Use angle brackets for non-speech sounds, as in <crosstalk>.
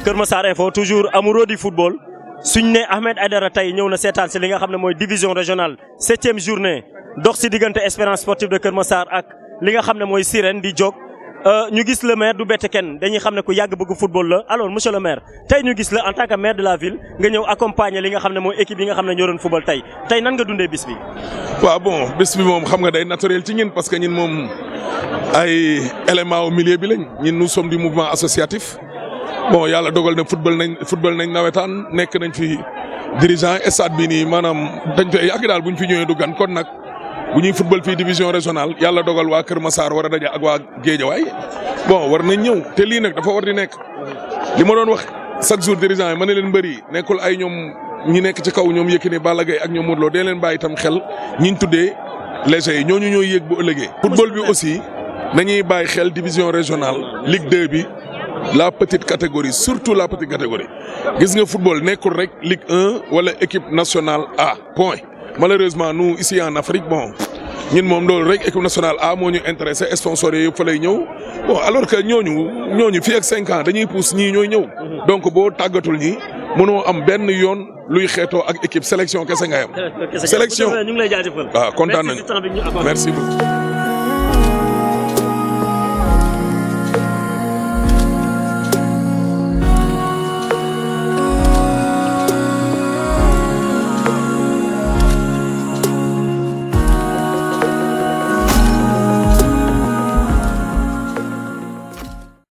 Kermassar Info toujours amoureux du football suñ Ahmed Adara tay ñëw na sétal ci li nga xamné moy division régionale 7 septième journée dox ci diggante Espérance sportive de Kermassar ak li nga xamné moy Sirène di euh ñu gis le maire du bett kenn dañuy xamné ku bëgg football la alors monsieur le maire tay ñu gis la en tant que maire de la ville nga ñëw accompagner li nga xamné moy équipe yi nga xamné football tay tay nan nga dundé bis bi. wa bon bis bi mom xam nga day naturel ci ñin parce que ñin mom ay éléments au milieu bi lañ ñin nous sommes du mouvement associatif. bon yàlla dogal na football nañ football nañ nawetaan nekk nañ fi dirigeant stade bi nii maanaam dañ fi yàgg daal bu ñu fi ñëwee du gan kon nag bu ñuy futbal fii division régional yàlla dogal waa Kër Massar war a daje ak waa Géejawaay bon war nañ ñëw te lii nag dafa war di nekk li ma doon wax chaque jour dirigeant yi ma ne leen mbëri nekkul ay ñoom ñi nekk ci kaw ñoom Yékini Balla Gaye ak ñoom Modou Lo dee leen bàyyi itam xel ñiñ tuddee léger yi ñooñu ñooy yëg bu ëllëgee. football bi aussi nañuy bàyyi xel division régionale Ligue bi. la petite catégorie surtout la petite catégorie voyez football n'est correct Ligue 1 ou l'équipe nationale A point malheureusement nous ici en Afrique bon sommes intéressés équipe nationale A ñu intéressé bon alors que nous nous, nous ak 5 ans nous pousse nous, nous, donc si nous ñi nous benn luy équipe sélection <laughs> sélection ah, merci beaucoup